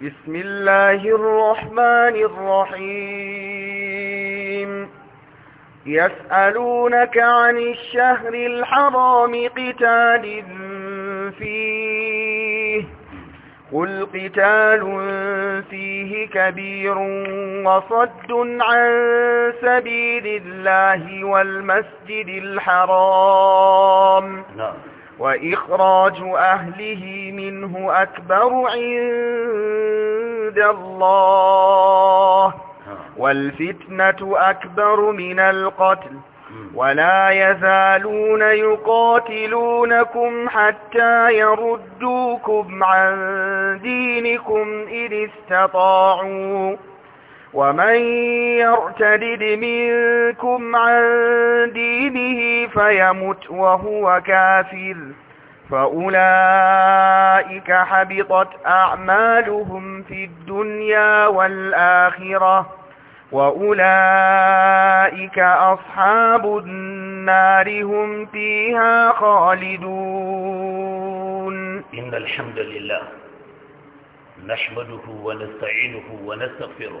بسم الله الرحمن الرحيم يسألونك عن الشهر الحرام قتال فيه قل قتال فيه كبير وصد عن سبيل الله والمسجد الحرام نعم وإخراج أهله منه أكبر عند الله آه. والفتنة أكبر من القتل ولا يزالون يقاتلونكم حتى يردوكم عن دينكم إن استطاعوا ومن يرتدد منكم عن دينه فيمت وهو كافر فأولئك حبطت أعمالهم في الدنيا والآخرة وأولئك أصحاب النار هم فيها خالدون إن الحمد لله نحمده ونستعينه ونستغفره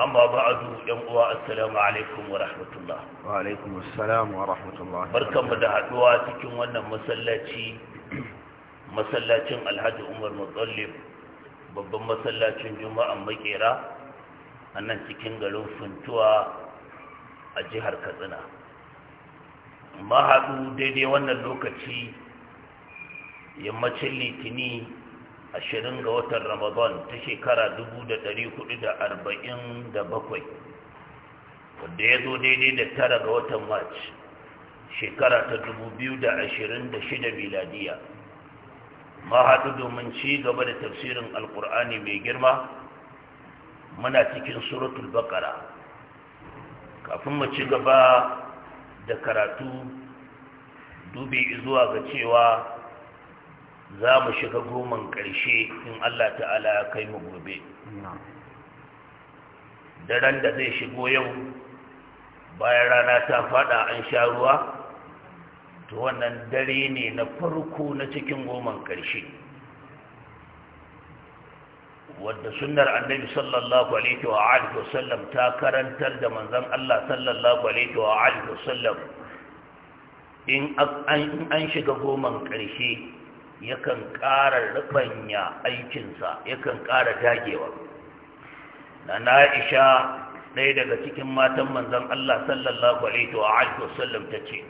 amma ba'adu yan uwa assalamu alaikum wa rahmatullah wa alaikum assalam wa rahmatullah barkanmu da haduwa cikin wannan masallaci masallacin Alhaji Umar Mutallib babban masallacin Juma'a Maƙera, a cikin garin Funtuwa a jihar Katsina mahaɗu daidai wannan lokaci yammacin litini ashirin ga watan ramadan ta shekara bakwai, wadda ya zo daidai da tara ga watan march shekara ta da shida miladiya ma haɗu domin ci gaba da tafsirin Alƙur'ani mai girma muna cikin suratul bakara kafin mu ci gaba da karatu dubi zuwa ga cewa za mu shiga goman ƙarshe in Allah ta'ala ya kai mu gobe daren da zai shigo yau bayan rana ta fada an sha ruwa to wannan dare ne na farko na cikin goman ƙarshe wadda sunnar annabi sallallahu alaihi wa alihi wasallam ta karantar da manzon Allah sallallahu alaihi wa alihi wasallam in an shiga goman ƙarshe yakan ƙara rubanya aikinsa yakan ƙara dagewa na na'isha ɗaya daga cikin matan manzan Allah sallallahu alaihi wa alihi wasallam tace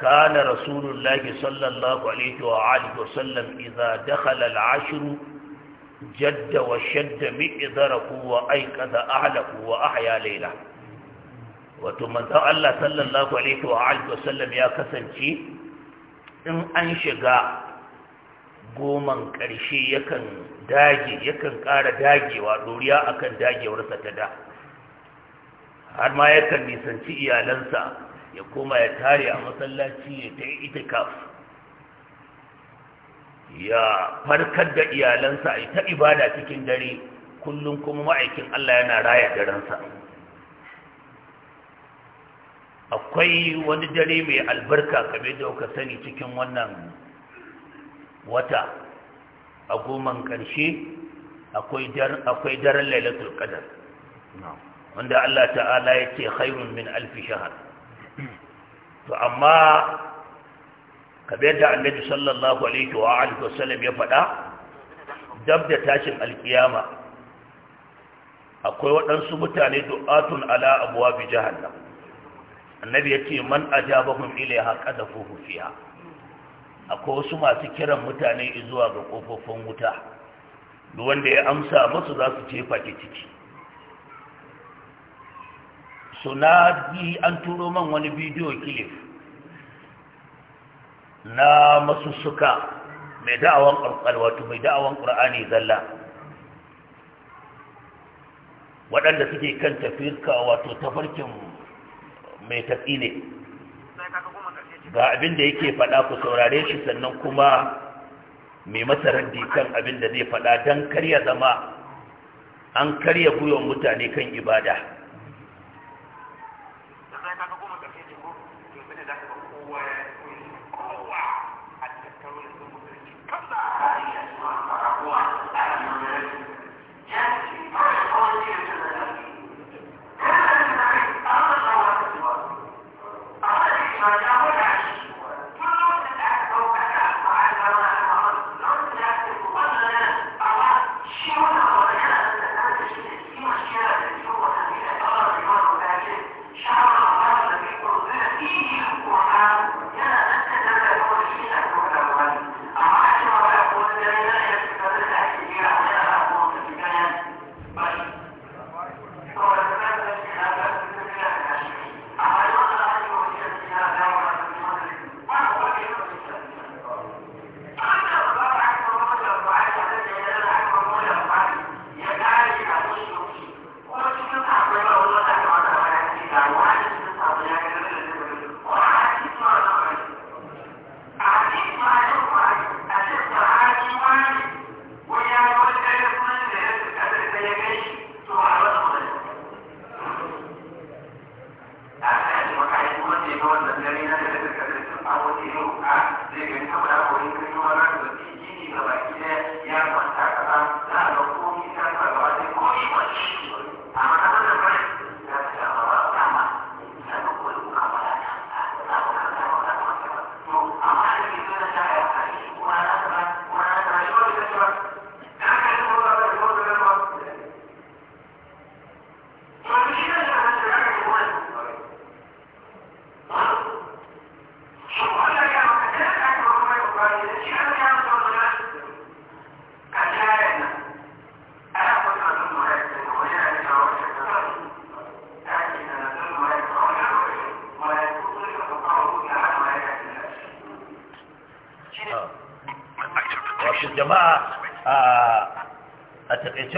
kana rasulullahi sallallahu alaihi wa alihi wasallam idza dakhala al-ashr jadda wa shadda miqdarahu wa ayqadha ahlahu wa ahya layla wato manzan Allah sallallahu alaihi wa alihi wasallam ya kasance in an shiga goman ƙarshe yakan dage yakan ƙara dagewa doriya akan dagewarsa ta da har ma yakan nisanci iyalansa ya koma ya tare a masallaci ya ta yi itikaf ya farkar da iyalansa ya ta ibada cikin dare kullum kuma ma'aikin Allah yana raya darensa. akwai wani dare mai albarka kamar da kuka sani cikin wannan wata a goman ƙarshe akwai daren lailatul ƙadar wanda Allah ta'ala ya ce khairun min alfi shahar to amma kamar da annabi sallallahu alaihi wa wasallam ya faɗa dab da tashin alkiyama akwai waɗansu mutane du'atun ala abuwa bi jahannam annabi ya ce man ajabahum ilaiha qadafuhu fiha akwai wasu masu kiran mutane zuwa ga kofofin wuta duk wanda ya amsa musu za su jefa ki ciki na bi an turo man wani bidiyo kilif na masu suka mai da'awan alwato mai da'awan ƙur'ani zalla waɗanda suke kan tafirka wato tafarkin mai tafi ne ga abin da yake faɗa ku saurare shi sannan kuma mai masa dikan kan abin da zai faɗa don karya zama an karya gwiwar mutane kan ibada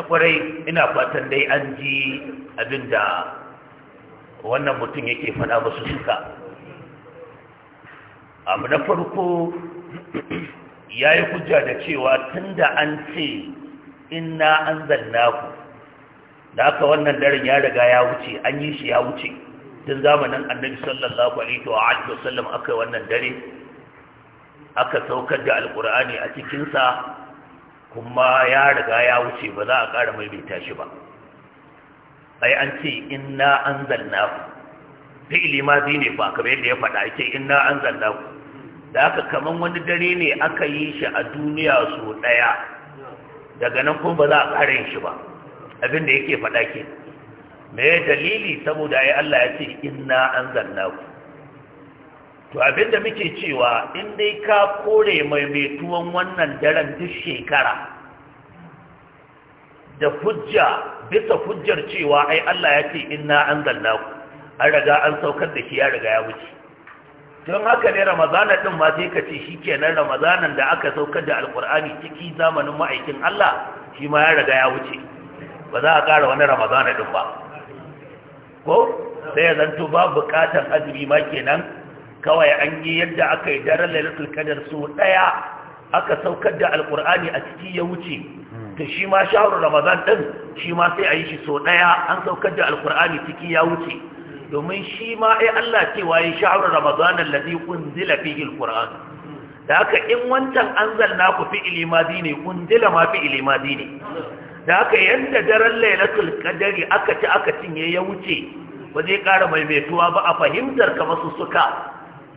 kwarai ina fatan dai an ji abin da wannan mutum yake faɗa ba su suka abu na farko ya yi hujja da cewa tun da an ce ina an zanna ku da aka wannan daren ya riga ya wuce an yi shi ya wuce tun zamanin annabi sallallahu alaihi wa alihi wasallam aka wannan dare aka saukar da alkur'ani a cikinsa kuma ya riga ya wuce ba za a ƙara maimaita shi ba ai an ce inna anzalna ku. ma bi ne ba kamar yadda ya faɗa ake inna ku. da aka kaman wani dare ne aka yi shi a duniya so ɗaya daga nan kuma ba za a ƙara yin shi ba abin da yake faɗa ke me dalili saboda ai Allah ya ce inna anzalna ku to abinda muke cewa in dai ka kore mai tuwon wannan daren duk shekara da hujja bisa hujjar cewa ai Allah ya ce inna anzalna ku an riga an saukar da shi ya riga ya wuce don haka ne ramazana din ma sai ka ce shikenan ramazanan da aka saukar da alkur'ani ciki zamanin ma'aikin Allah shi ma ya riga ya wuce ba za a ƙara wani ramazana din ba ko sai ya zanto babu bukatan azumi ma kenan kawai an yi yadda aka yi daren lailatul qadar so daya aka saukar da alqur'ani a ciki ya wuce to shi ma shahrul ramadan din shi ma sai a yi shi so daya an saukar da alkur'ani ciki ya wuce domin shi ma ai Allah cewa ya shahrul ramadan alladhi unzila fihi alqur'an da haka in wancan anzalna ku fi ilimadi ne unzila ma fi ilimadi ne da haka yadda daren lailatul aka ci aka cinye ya wuce ba zai ƙara maimaituwa ba a fahimtar ka masu suka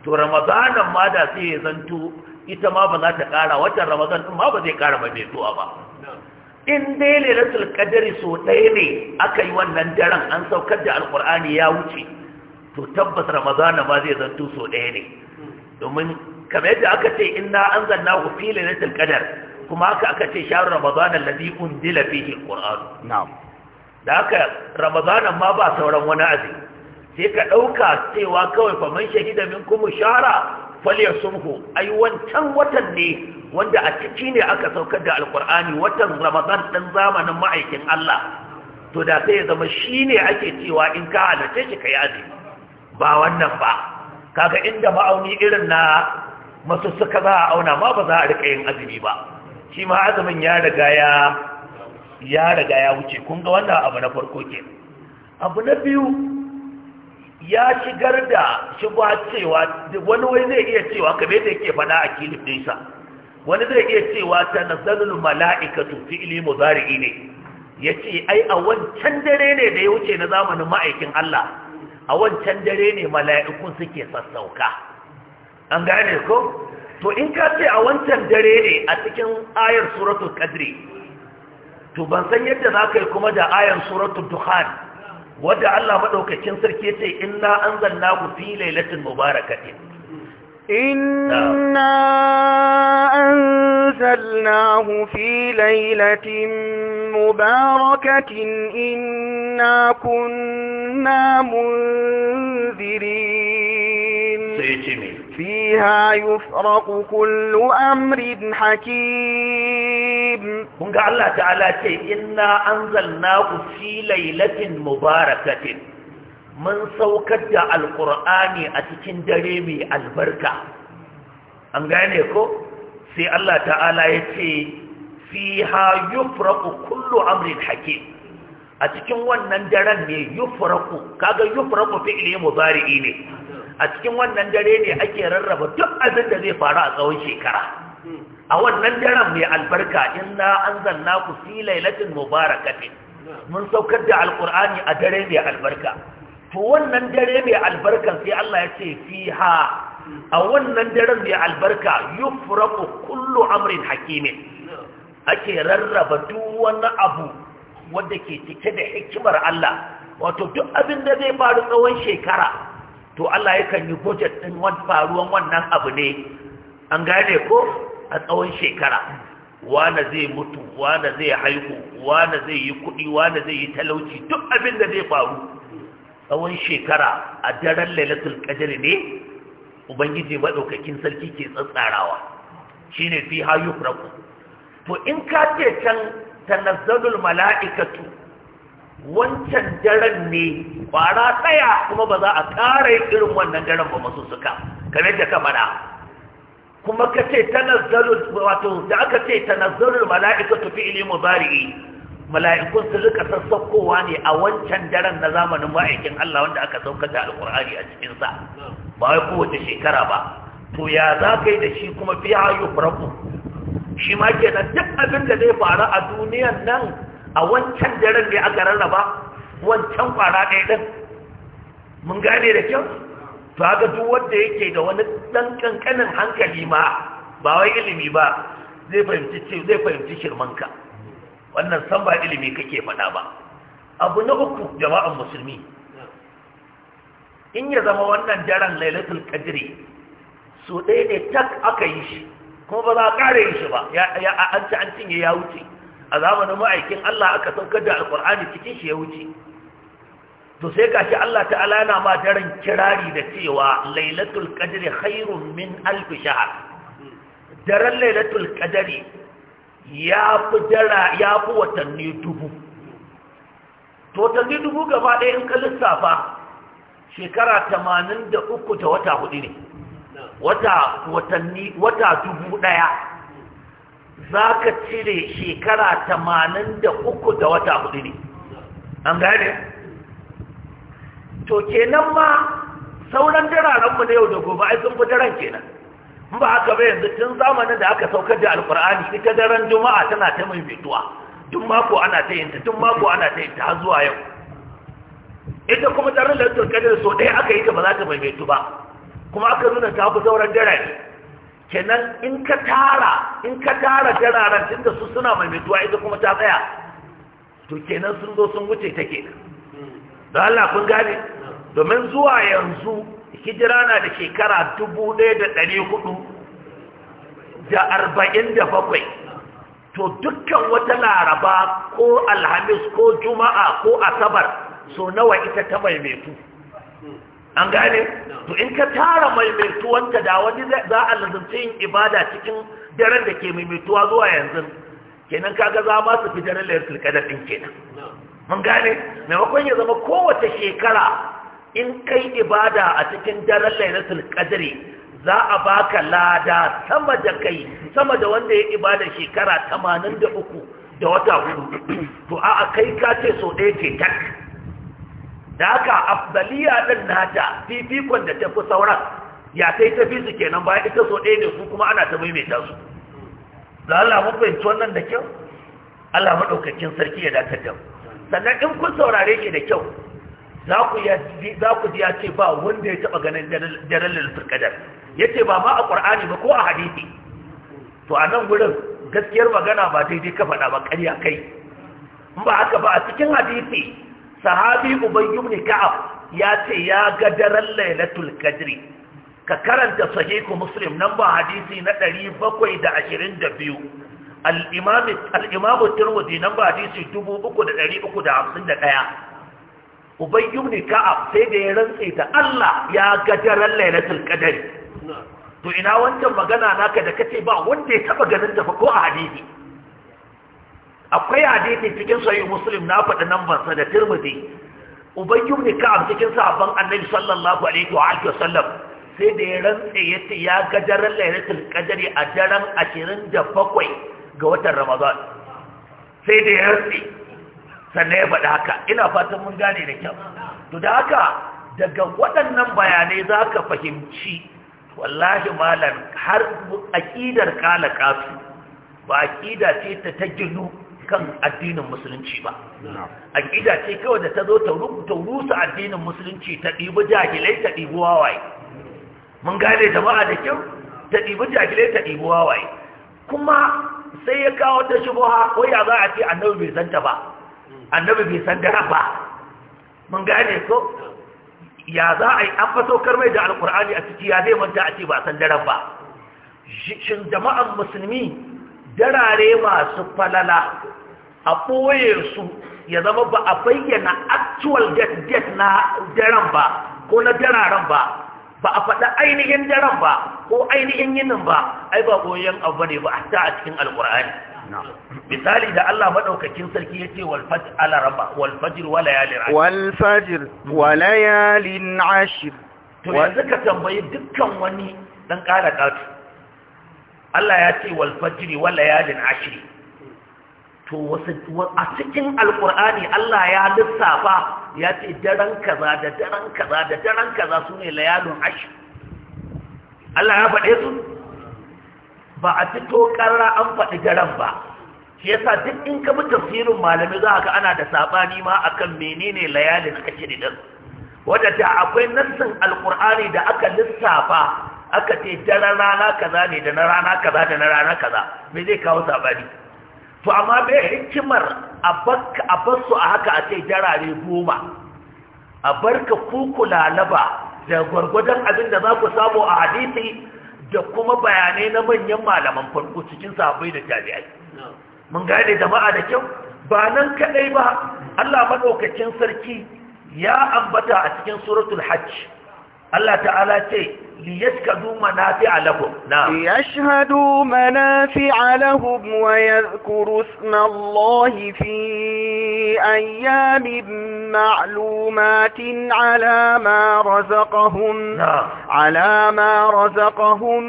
to ramadanan ma da sai ya zanto ita ma ba za ta ƙara watan ramadan din ma ba zai ƙara maimaituwa ba in dai lailatul qadari so ɗaya ne aka yi wannan daren an saukar da alkur'ani ya wuce to tabbas ramadana ma zai zanto so ɗaya ne domin kamar yadda aka ce inna anzalna hu fi lailatul qadar kuma haka aka ce shahr ramadan alladhi undila fihi alqur'an na'am da haka ramadana ma ba sauran wani azumi sai ka ɗauka cewa kawai faman shahida min kuma shahara faliyar sunhu yi wancan watan ne wanda a ciki ne aka saukar da alkur'ani watan ramadan ɗan zamanin ma'aikin allah to da sai ya zama shi ne ake cewa in ka halarce shi ka yi azumi ba wannan ba kaga inda ma'auni irin na masu suka za a auna ma ba za a rika yin azumi ba shi ma azumin ya riga ya ya riga ya wuce kun ga wannan abu na farko ke abu na biyu ya shigar da shubha cewa wani wai zai iya cewa kamar da yake fada a kilif ɗinsa wani zai iya cewa ta nazarul mala'ikatu fi'li mudari'i ne yace ai a wancan dare ne da ya wuce na zamanin ma'aikin Allah a wancan dare ne mala'ikun suke sassauka an gane ko to in ka ce a wancan dare ne a cikin ayar suratul qadri to ban san yadda za ka yi kuma da ayar suratul dukhan wadda Allah maɗaukacin sarki yace inna anzalnahu fi lailatin mubarakatin inna anzalnahu fi lailatin mubarakatin inna kunna munzirin sai ce فيها يفرق كل أمر حكيم من قال الله تعالى إنا أنزلناه في ليلة مباركة من سوكت القرآن أتكن دريمي البركة أم قال سي الله تعالى يتي فيها يفرق كل أمر حكيم a cikin wannan daren ne yufraku kaga yufraku fi'li a cikin wannan dare ne ake rarraba duk abin da zai faru a tsawon shekara a wannan daren mai albarka inna anzalna ku fi lailatin mubarakatin mun saukar da alqur'ani a dare mai albarka to wannan dare mai albarka sai Allah ya ce fiha a wannan daren mai albarka yufraqu kullu amrin hakimin ake rarraba duk wani abu wanda ke cike da hikimar Allah wato duk abin da zai faru tsawon shekara to Allah yakan yi project din faruwan wannan abu ne an gane ko a tsawon shekara wanda zai mutu wanda zai haihu wanda zai yi kuɗi wanda zai yi talauci duk abin da zai faru tsawon shekara a daren lailatul qadr ne ubangiji madaukakin sarki ke tsatsarawa shine fi hayu raku to in ka ce can tanazzalul mala'ikatu wancan daren ne kwara ɗaya kuma ba za a ƙara yin irin wannan daren ba masu suka kamar da ka kuma ka ce ta tanazzalul wato da aka ce ta mala'ika, mala'ikatu fi bari bari'i mala'ikun su rika sassaukowa ne a wancan daren na zamanin ma'aikin Allah wanda aka saukata Alƙur'ani a cikinsa. ba wai kowace shekara ba to ya za ka yi da shi kuma fi hayo faraku shi ma kenan duk abin da zai faru a duniyan nan a wancan daren ne aka rarraba wancan ƙwara ɗaya ɗin mun gane da kyau to haka duk wanda yake da wani ɗan ƙanƙanin hankali ma ba wai ilimi ba zai fahimci ce zai fahimci shirmanka wannan san ba ilimi kake faɗa ba abu na uku jama'an musulmi in ya zama wannan daren lailatul qadri su ɗaya ne tak aka yi shi kuma ba za a ƙara yin shi ba ya an ci an cinye ya wuce a zamanin ma'aikin Allah aka saukar da alkur'ani cikin shi ya wuce to sai kashi Allah ta'ala yana ma daren kirari da cewa lailatul qadri khairun min alf shahr daren lailatul qadri ya fi dara ya fi watanni dubu to watanni dubu gaba ɗaya in ka lissafa shekara tamanin da uku ta wata hudu ne wata watanni wata dubu ɗaya za ka cire shekara tamanin da uku da wata hudu ne an gane to kenan ma sauran mu na yau da gobe ai sun fi daren kenan in ba haka ba yanzu tun zamanin da aka saukar da alkur'ani ita daren juma'a tana ta mai fituwa tun mako ana ta yinta tun mako ana ta yinta har zuwa yau ita kuma daren lantar kadar so ɗaya aka yi ta ba za ta mai ba kuma aka nuna ta fi sauran dare kenan in ka tara in ka tara tun da su suna mai fituwa ita kuma ta tsaya to kenan sun zo sun wuce take da Allah kun gane domin zuwa yanzu hijira na da shekara dubu ɗaya da ɗari hudu da arba'in da bakwai to dukkan wata laraba ko alhamis ko juma'a ko asabar so nawa ita ta maimaitu an gane to in ka tara maimaituwanta da wani za a lazumci yin ibada cikin daren da ke maimaituwa zuwa yanzu kenan kaga za ma su fi daren layar sulkadar ɗin kenan mun gane maimakon ya zama kowace shekara in kai ibada a cikin daren lailatul qadri za a baka lada sama da kai sama da wanda ya ibada shekara 83 da wata hudu to a kai ka ce so ɗaya ce tak da haka afdaliya din nata fifikon da tafi sauran ya sai tafi su kenan bayan ita so ɗaya ne ku kuma ana ta maimaita su da Allah mun fahimci wannan da kyau Allah maɗaukakin sarki ya dakatar sannan in kun saurare ki da kyau za ku ji ya ce ba wanda ya taɓa ganin daren lalitar ya ce ba ma a ƙwar'ani ba ko a hadisi to a nan wurin gaskiyar magana ba daidai ka faɗa ba ƙarya kai in ba haka ba a cikin hadisi sahabi ubayyum ne ka'ab ya ce ya ga daren lailatul kadri ka karanta sahihu muslim nan ba hadisi na 722 al-imam al-imam at-tirmidhi nan ba hadisi 3351 ubay ibn ka'ab sai da ya rantse da Allah ya gadaran lailatul qadar to ina wancan magana naka da kace ba wanda ya taba ganin ta ko a hadisi akwai hadisi cikin sahih muslim na faɗi nan sa da tirmidhi ubay ibn ka'ab cikin sahabban annabi sallallahu alaihi wa alihi wasallam sai da ya rantse ya ce ya gadaran lailatul qadari a daren 27 ga watan ramadan sai da ya rantse sannan ya faɗi haka ina fatan mun gane da kyau to da haka daga waɗannan bayanai za ka fahimci wallahi malam har aƙidar kala kafi ba aƙida ce ta ta ginu kan addinin musulunci ba aƙida ce kawai da ta zo ta rusa addinin musulunci ta ɗibi jahilai ta ɗibi wawaye mun gane jama'a da kyau ta ɗibi jahilai ta ɗibi wawaye kuma sai ya kawo ta shubuha ko ya za a ce annabi bai zanta ba annabi bai san daren ba mun gane ko ya za a yi an faso karmai da alkur'ani a ciki ya zai manta a ce ba san daren ba shin jama'an musulmi darare masu falala a ɓoye su ya zama ba a bayyana actual date na daren ba ko na dararen ba ba a faɗa ainihin daren ba ko ainihin yinin ba ai ba goyon abu ne ba a ta a cikin alkur'ani misali da Allah madaukakin sarki ya ce walfajir ala rabba wal fajr wa layalin ashr wal fajr wa layalin ashr to yanzu ka tambayi dukkan wani dan kara katu Allah ya ce wal fajr wa layalin ashr to a cikin alkur'ani Allah ya lissafa ya ce daren kaza da daren kaza da daren kaza su ne layalin ashr Allah ya faɗe su ba a fito ƙarra an faɗi daren ba shi yasa duk in ka bi tafsirin malami za ka ana da sabani ma akan menene layalin ashiri din wanda ta akwai nassin alkur'ani da aka lissafa aka ce daren rana kaza ne da na rana kaza da na rana kaza me zai kawo sabani to amma bai hikimar a basu a haka a ce jarare goma a barka kukulalaba, da gwargwadon abin da za ku samu a hadisi da kuma bayanai na manyan malaman farko cikin sabai da jami'ai mun gane jama'a da kyau ba nan kaɗai ba Allah maɗaukacin sarki ya ambata a cikin suratul hajj الله تعالى تي ليشهدوا منافع لهم نعم ليشهدوا منافع لهم ويذكروا اسم الله في أيام معلومات على ما رزقهم نعم. على ما رزقهم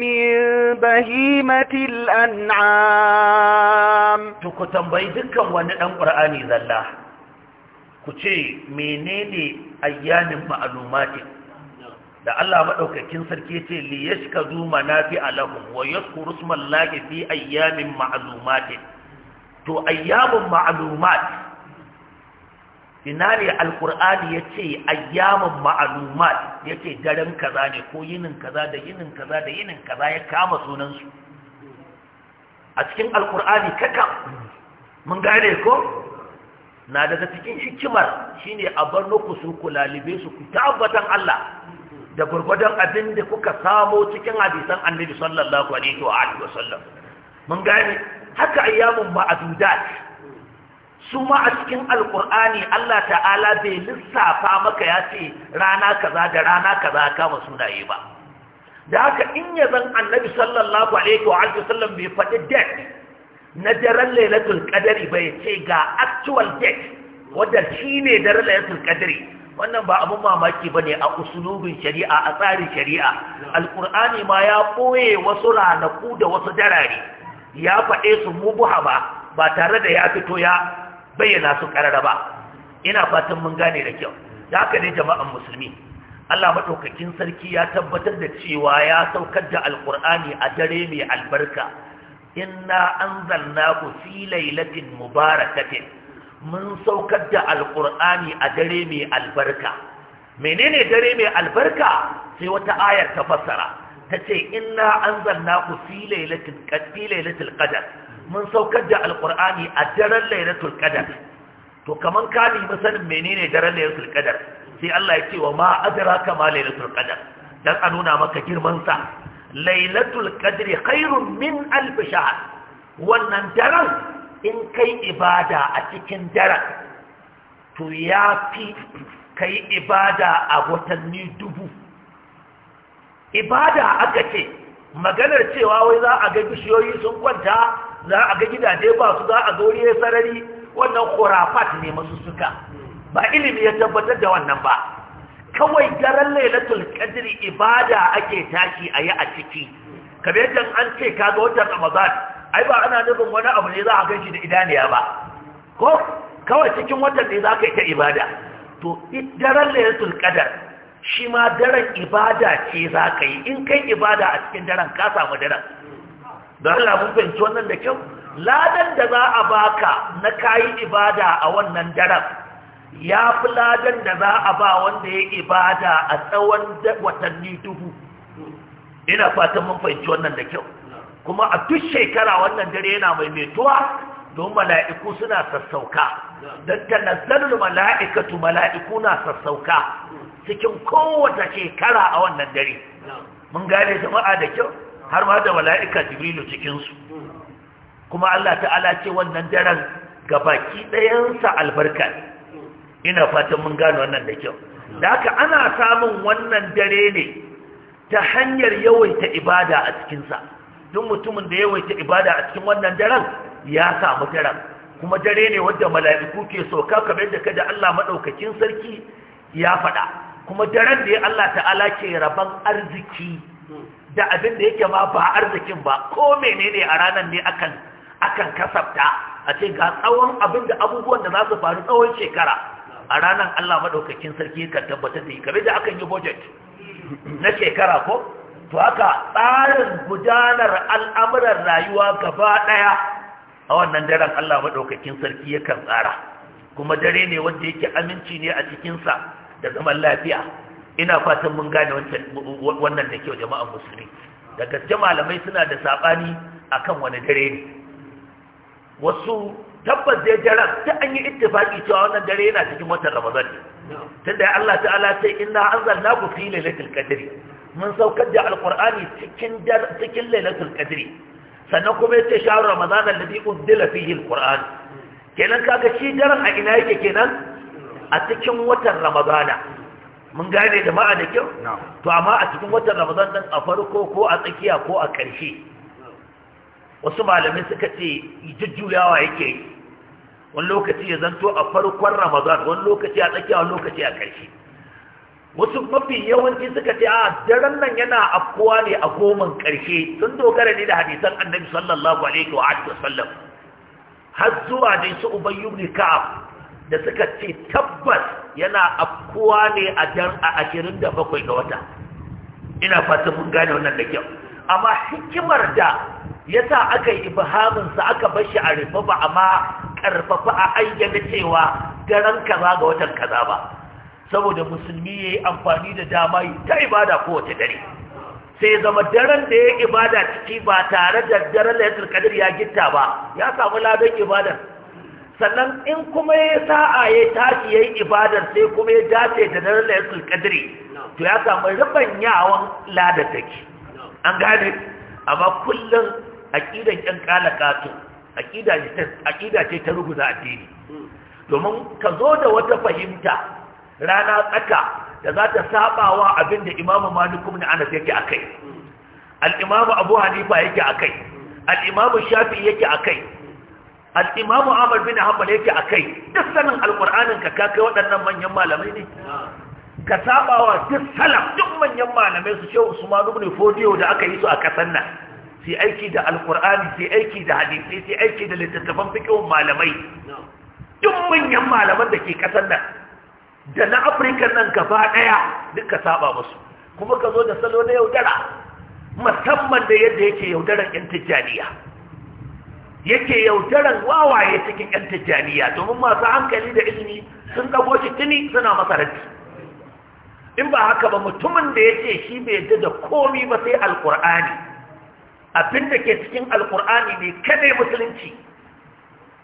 من بهيمة الأنعام تكتم بيدك ونعم قرآني الله كتي منين أيام معلومات da Allah maɗaukakin sarki ce li yashkadu fi alahu, wa yadhkuru smallahi fi ayyamin ma'lumat to ayyamun ma'lumat ina ne alkur'ani ya ce ayyamin ma'lumat ya ce daren kaza ne ko yinin kaza da yinin kaza da yinin kaza ya kama sunansu a cikin alkur'ani kaka mun gane ko na daga cikin hikimar shine a bar su ku lalibe su ku tabbatan Allah da gurgudan abin da kuka samo cikin hadisan annabi sallallahu alaihi wa alihi wasallam mun gane haka ayyamun ma'adudat su ma a cikin alkur'ani Allah ta'ala bai lissafa maka ya ce rana kaza da rana kaza kama sunaye ba da haka in ya zan annabi sallallahu alaihi wa alihi wasallam bai faɗi date na daren lailatul qadari bai ce ga actual date wadda shine daren lailatul qadari wannan ba abin mamaki ba ne a usulubin shari'a a tsarin shari'a alkur'ani ma ya ɓoye wasu ranaku da wasu jarari. ya faɗe su mubuha ba ba tare da ya fito ya bayyana su ƙarara ba ina fatan mun gane da kyau da haka ne jama'an musulmi Allah maɗaukakin sarki ya tabbatar da cewa ya saukar da alkur'ani a dare mai albarka inna anzalnahu fi lailatin mubarakatin mun saukar da alƙur'ani a dare mai albarka menene dare mai albarka sai wata ayar ta fassara ta ce inna zanna ku fi lailatul qadar mun saukar da alƙur'ani a daren lailatul qadar to kaman ka nemi sanin menene daren lailatul qadar sai Allah ya ce wa ma adraka ma lailatul qadar dan a nuna maka girman sa lailatul qadri khairun min alf shahr wannan daren in kai ibada a cikin daren to ya fi kai ibada a watanni dubu ibada aka ce maganar cewa wai za a ga bishiyoyi sun kwanta za a ga gidaje ba su za a ga wuri sarari wannan khurafat ne masu suka ba ilimi ya tabbatar da wannan ba kawai daren lailatul qadri ibada ake taki a yi a ciki kamar yadda an ce kaga watan ramadan ai ba ana nufin wani abu ne za a kai shi da idaniya ba ko kawai cikin watan ne za ka yi ta ibada to daren layatul qadar shi ma daren ibada ce za ka yi in kai ibada a cikin daren ka samu daren don Allah mun fahimci wannan da kyau ladan da za a baka na kayi ibada a wannan daren ya fi ladan da za a ba wanda ya ibada a tsawon watanni dubu ina fatan mun fahimci wannan da kyau kuma a duk shekara wannan dare yana mai metuwa don mala'iku suna sassauka don tanazzalul mala'ikatu mala'iku na sassauka cikin kowace shekara a wannan dare mun gane jama'a da kyau har ma da mala'ika jibrilu cikinsu kuma Allah ta'ala ce wannan daren ga baki ɗayansa albarka ina fatan mun gane wannan da kyau da aka ana samun wannan dare ne ta hanyar yawaita ibada a cikinsa duk mutumin da ya yawaita ibada a cikin wannan daren ya samu daren kuma dare ne wanda mala'iku ke soka kamar da kada Allah madaukakin sarki ya faɗa kuma daren da ya Allah ta'ala ke rabon arziki da abin da yake ma ba arzikin ba ko menene a ranar ne akan akan kasafta a ce ga tsawon abin da abubuwan da za su faru tsawon shekara a ranar Allah madaukakin sarki kan tabbatar da yi kamar da akan yi budget na shekara ko to haka tsarin gudanar al'amuran rayuwa gaba ɗaya a wannan daren Allah maɗaukakin sarki yakan tsara kuma dare ne wanda yake aminci ne a cikinsa da zaman lafiya ina fatan mun gane wannan da kyau jama'an musulmi da gaske malamai suna da saɓani akan wani dare ne wasu tabbas da daren ta an yi ittifaki cewa wannan dare yana cikin watan ramadan ne tunda Allah ta'ala sai inna ku fi lailatul qadri mun saukar da alqur'ani cikin cikin lailatul qadri sannan kuma yace shahr ramadan alladhi unzila fihi alqur'an kenan kaga shi daren a ina yake kenan a cikin watan ramadana mun gane jama'a da kyau to amma a cikin watan ramadan din a farko ko a tsakiya ko a ƙarshe wasu malamai suka ce jujjuyawa wani lokaci ya zanto a farkon wani lokaci a tsakiya wani lokaci a ƙarshe wasu mafi yawanci suka ce a ah, daren nan yana afkuwa ne a goman ƙarshe sun dogara ne da hadisan annabi sallallahu alaihi wa alihi wasallam har zuwa dai su ubayyu ne ka da suka ce tabbas yana afkuwa ne a dan a 27 ga wata ina fata mun gane wannan da kyau amma hikimar da yasa aka yi ibhamin sa aka bar shi a rufe ba amma karfafa a ayyana cewa daren kaza ga watan kaza ba saboda musulmi ya yi amfani da dama yi ta ibada kowace dare sai zama daren da ya ibada ciki ba tare da daren ya kadar ya gita ba ya samu ladan ibadar sannan in kuma ya sa'a ya tashi ya yi ibadar sai kuma ya dace da daren ya kadar to ya samu riban yawon ladar ke an gane amma kullum aƙidan ƴan kalakatu aƙida ce ta ruguza addini domin ka zo da wata fahimta rana tsaka da za ta sabawa abin da imamu malik ibn anas yake akai kai al'imamu abu hanifa yake akai kai al'imamu shafi yake akai kai al'imamu ahmad bin hanbal yake akai duk sanin alkuranin ka kai waɗannan manyan malamai ne ka wa duk salam duk manyan malamai su shehu usman ibn fodiyo da aka yi su a kasan nan sai aiki da alqur'ani sai aiki da hadisi sai aiki da littattafan fiqh malamai duk manyan malaman da ke kasan nan da na afirka nan gaba ɗaya duka saba musu kuma ka zo da salo na yaudara musamman da yadda yake yaudaran 'yan tijjaniya yake yaudaran wawaye cikin 'yan tijjaniya domin masu hankali da ilimi sun ɗago shi tuni suna masaranci in ba haka ba mutumin da ya ce shi bai yadda da komi ba sai alkur'ani abinda ke cikin alkur'ani ne kadai musulunci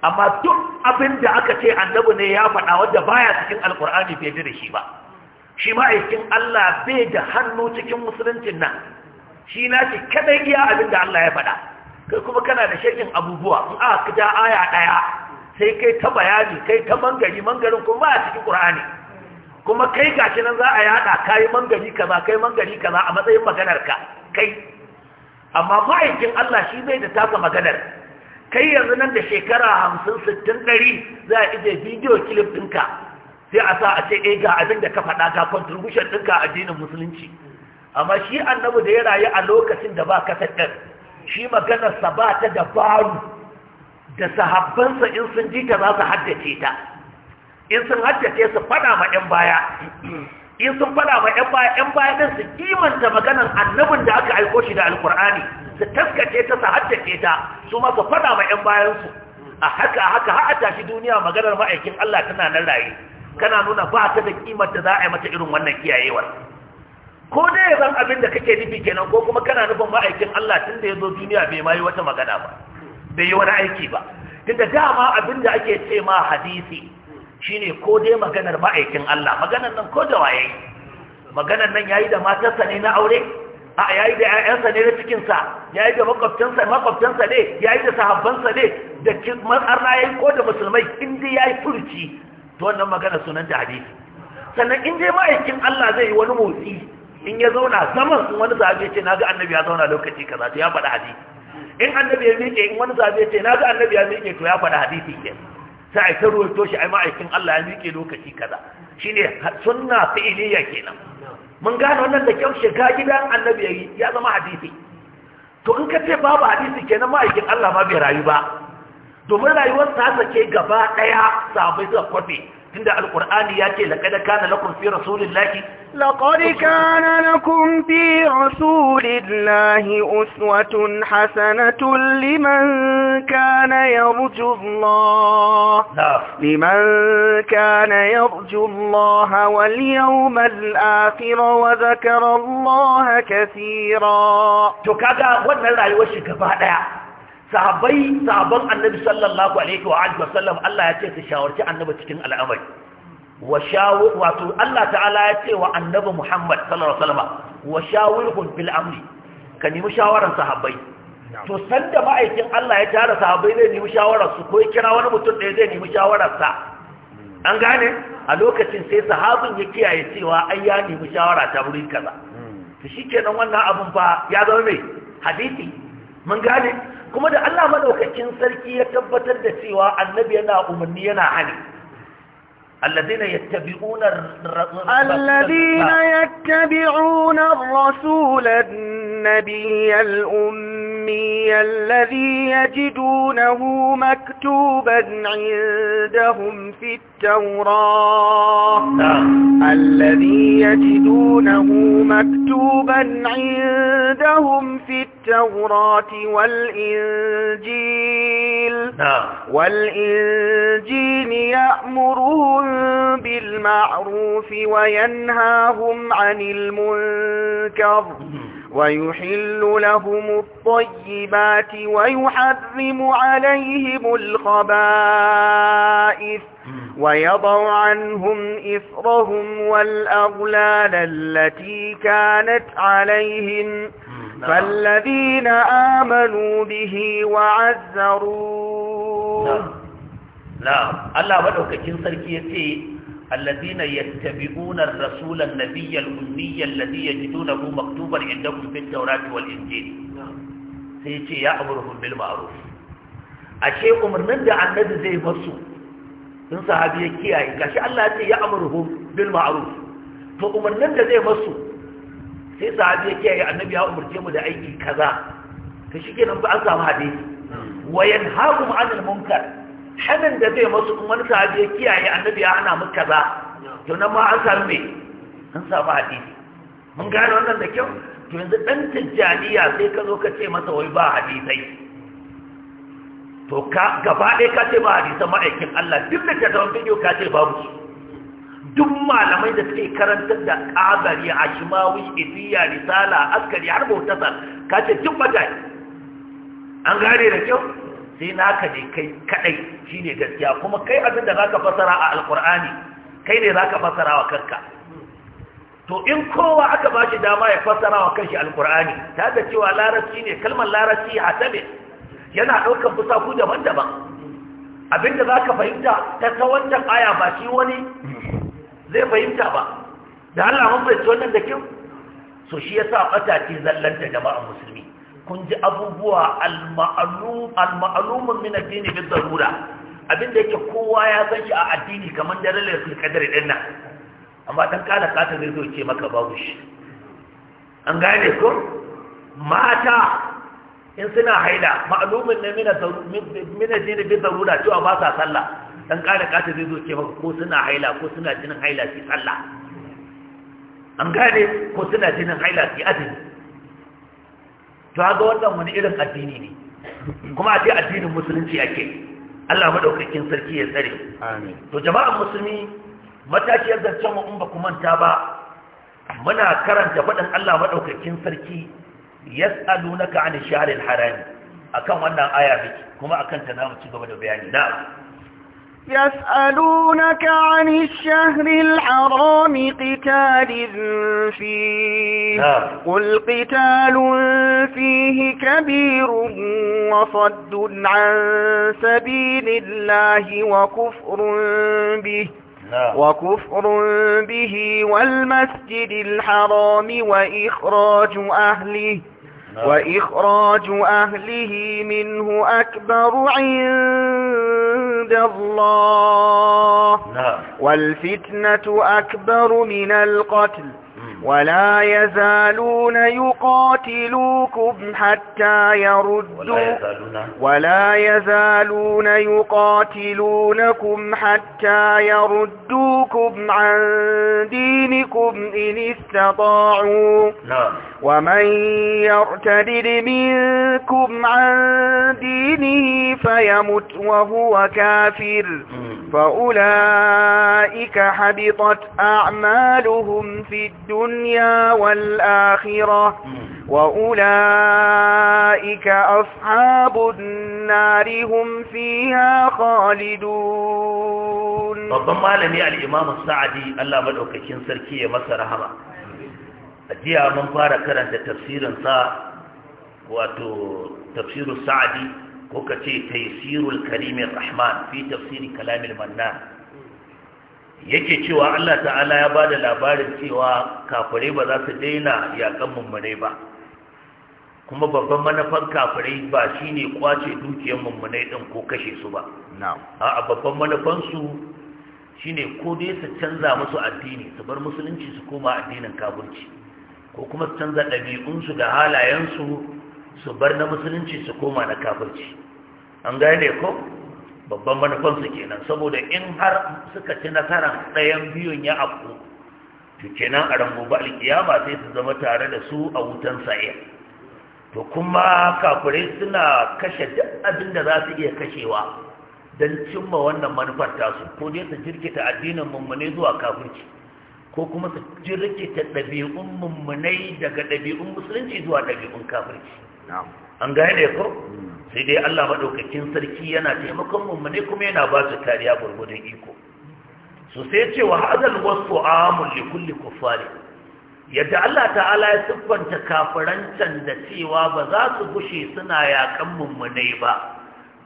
amma duk abin da aka ce annabi ne ya faɗa wanda baya cikin alkur'ani bai da shi ba shi ma'aikin Allah bai da hannu cikin musuluncin nan shi na ce kadai iya abin da Allah ya faɗa kai kuma kana da shekin abubuwa in aka kaja aya ɗaya sai kai ta bayani kai ta mangari mangarin kuma a cikin qur'ani kuma kai gashi nan za a yada kai mangari kaza kai mangari kaza a matsayin maganar ka kai amma ma'aikin Allah shi bai da taka maganar kai yanzu nan da shekara hamsin sittin ɗari za a ije bidiyo kilif ɗinka sai a sa a ce eh ga abin da ka faɗa ga contribution ɗinka a addinin musulunci amma shi Annabu da ya rayu a lokacin da ba kasar ɗin shi maganarsa ba ta dabaru da sahabbansa in sun ji ta za su haddace ta in sun haddace su faɗa ma 'yan baya in sun fada ma ‘yan baya ‘yan baya su kimanta maganar annabin da aka aiko shi da alkur'ani su taskace ta su haddace ta su ma su fada ma ‘yan bayansu a haka a haka har a tashi duniya maganar ma'aikin Allah tana nan raye kana nuna ba ta da kimar da za a yi mata irin wannan kiyayewar ko dai zan abin da kake nufi kenan ko kuma kana nufin ma'aikin Allah tun da ya zo duniya bai ma yi wata magana ba bai yi wani aiki ba tunda dama abin da ake ce ma hadisi shine ko dai maganar ma'aikin Allah maganar nan ko da waye maganar nan yayi da matarsa ne na aure a yayi da ƴaƴansa ne na cikin sa yayi da makwabtansa makwabtansa ne yayi da sahabbansa ne da mazarna yayi ko da musulmai in dai yayi furci to wannan magana sunan da hadisi sannan in dai ma'aikin Allah zai yi wani motsi in ya zauna zaman in wani zabe ce naga annabi ya zauna lokaci kaza to ya faɗa hadisi in annabi ya miƙe in wani zabe ce naga annabi ya miƙe to ya faɗa hadisi kenan za a ta ruwaito shi a ma'aikin Allah ya miƙe lokaci kaza Shi shine sunna fi'iliya kenan mun gane wannan da kyau shiga gidan annabi yayi ya zama hadisi to in ka ce babu hadisi kenan ma'aikin Allah ba bai rayu ba domin rayuwar ta sake gaba ɗaya sabai suka kwafe عند القرآن ياتي لقد كان لكم في رسول الله لقد كان لكم في رسول الله أسوة حسنة لمن كان يرجو الله لمن كان يرجو الله واليوم الآخر وذكر الله كثيرا تكاد ودنا لا يوشك بعدها sahabbai sahabban annabi sallallahu alaihi wa alihi wasallam Allah ya ce su shawarci annabi cikin al'amari wa shawu wato Allah ta'ala ya ce wa annabi Muhammad sallallahu alaihi wasallam wa shawirhum fil amri ka nemi shawaran sahabbai to sanda ma'aikin Allah ya tara sahabbai zai nemi shawarar su ko ya kira wani mutum da zai nemi shawarar sa an gane a lokacin sai sahabin ya kiyaye cewa ai ya nemi shawara ta wurin kaza hmm. to shikenan wannan abun fa ya zama mai hadisi mun gane kuma da Allah madaukakin sarki ya tabbatar da cewa annabi yana umarni yana hali الذين يتبعون الذين نعم. يتبعون الرسول النبي الأمي الذي يجدونه مكتوبا عندهم في التوراة نعم. الذي يجدونه مكتوبا عندهم في التوراة والإنجيل نعم. والإنجيل يأمرون بالمعروف وينهاهم عن المنكر ويحل لهم الطيبات ويحرم عليهم الخبائث ويضع عنهم إثرهم والأغلال التي كانت عليهم نعم. فالذين آمنوا به وعزروه نعم. Allah sarki yace alladhina yattabi'una ar-rasula an-nabiyya taurati wal sai ce ya amruhum bil ma'ruf ashe umarnin da annabi zai masu in sahabi ya kiyaye gashi Allah ce ya amruhum bil ma'aruf to umarnin da zai masu sai sahabi ya kiyaye annabi ya umarce mu da aiki kaza to shikenan ba an samu hadisi wa yanhaqum 'anil munkar hanin da zai masu kuma wani sahabi ya kiyaye annabi ya hana muka za to nan ma an samu me an samu hadisi mun gane wannan da kyau to yanzu ɗan tijjaniya sai ka zo ka ce masa wai ba hadisai to ka gaba ɗaya ka ce ba hadisan ma'aikin Allah duk da ta zama bidiyo ka ce babu su duk malamai da suke karantar da ƙazari a shimawi ibiya risala askari har bautasar ka ce duk mata. an gane da kyau sai naka ne kai kadai shine gaskiya kuma kai abin da zaka fasara a alqur'ani kai ne zaka fasara wa kanka to in kowa aka ba shi dama ya fasara wa kanshi alqur'ani ta ga cewa larabci ne kalmar larabci a tabe yana daukar fusaku daban-daban abinda zaka fahimta ta ta wancan aya ba shi wani zai fahimta ba da Allah mun fahimci wannan da kyau so shi yasa bata ce zallanta jama'an musulmi kun ji abubuwa al-ma'lumun min addini bin darura abinda yake kowa ya san shi a addini kamar da sun kadare din nan amma dan kala kata zai zo ce maka babu shi an gane ko mata in suna haila ma'lumun ne min addini bin darura to ba sa sallah dan kala kata zai zo ce maka ko suna haila ko suna jinin haila su sallah an gane ko suna jinin haila su azumi to ga wannan wani irin addini ne kuma a ce addinin musulunci ake Allah maɗaukakin sarki ya tsare to jama'an musulmi matashiyar zancen in ba kumanta manta ba muna karanta faɗin Allah maɗaukakin sarki yas'alunaka 'anil shahril harami akan wannan aya biki kuma akan ta mu ci gaba da bayani na'am يسألونك عن الشهر الحرام قتال فيه نعم. قل قتال فيه كبير وصد عن سبيل الله وكفر به نعم. وكفر به والمسجد الحرام وإخراج أهله نعم. وإخراج أهله منه أكبر عند الله نعم. والفتنة أكبر من القتل ولا يزالون يقاتلوكم حتى يردوا ولا يزالون يقاتلونكم حتى يردوكم عن دينكم إن استطاعوا نعم. ومن يرتد منكم عن دينه فيمت وهو كافر فأولئك حبطت أعمالهم في الدنيا الدنيا والآخرة وأولئك أصحاب النار هم فيها خالدون babban malami al-Imam Sa'di Allah madaukakin sarki ya masa rahama jiya mun fara karanta tafsirin sa wato tafsirus Sa'di ko kace taysirul karimir rahman fi tafsiri kalamil mannan yake cewa Allah ta'ala ya da labarin cewa kafirai ba za su daina yaƙan mummunai ba kuma babban manufan kafirai ba shine kwace dukiyar mummunai din ko kashe su ba a babban manufan su shine ko dai su canza musu addini su bar musulunci su koma addinin kafirci ko kuma su canza ɗabi'unsu da halayensu su bar na musulunci su koma na kafirci an gane ko babban manufansu kenan saboda in har suka ci nasarar ɗayan biyun ya afku to kenan a ba alkiyama sai su zama tare da su a wutan sa'ir to kuma kafirai suna kashe duk abin da za su iya kashewa don cimma wannan manufar tasu ko dai su jirkita addinin mummune zuwa kafirci ko kuma su jirkita ɗabi'un mummunai daga ɗabi'un musulunci zuwa ɗabi'un kafirci an gane ko hmm. sai dai Allah madaukakin sarki yana taimakon mummunai kuma yana ba su kariya gurgudun iko so sai ce wa hadal wasu amu li kulli yadda Allah ta'ala ya siffanta kafirancan da cewa ba za su gushe suna yakan mummunai ba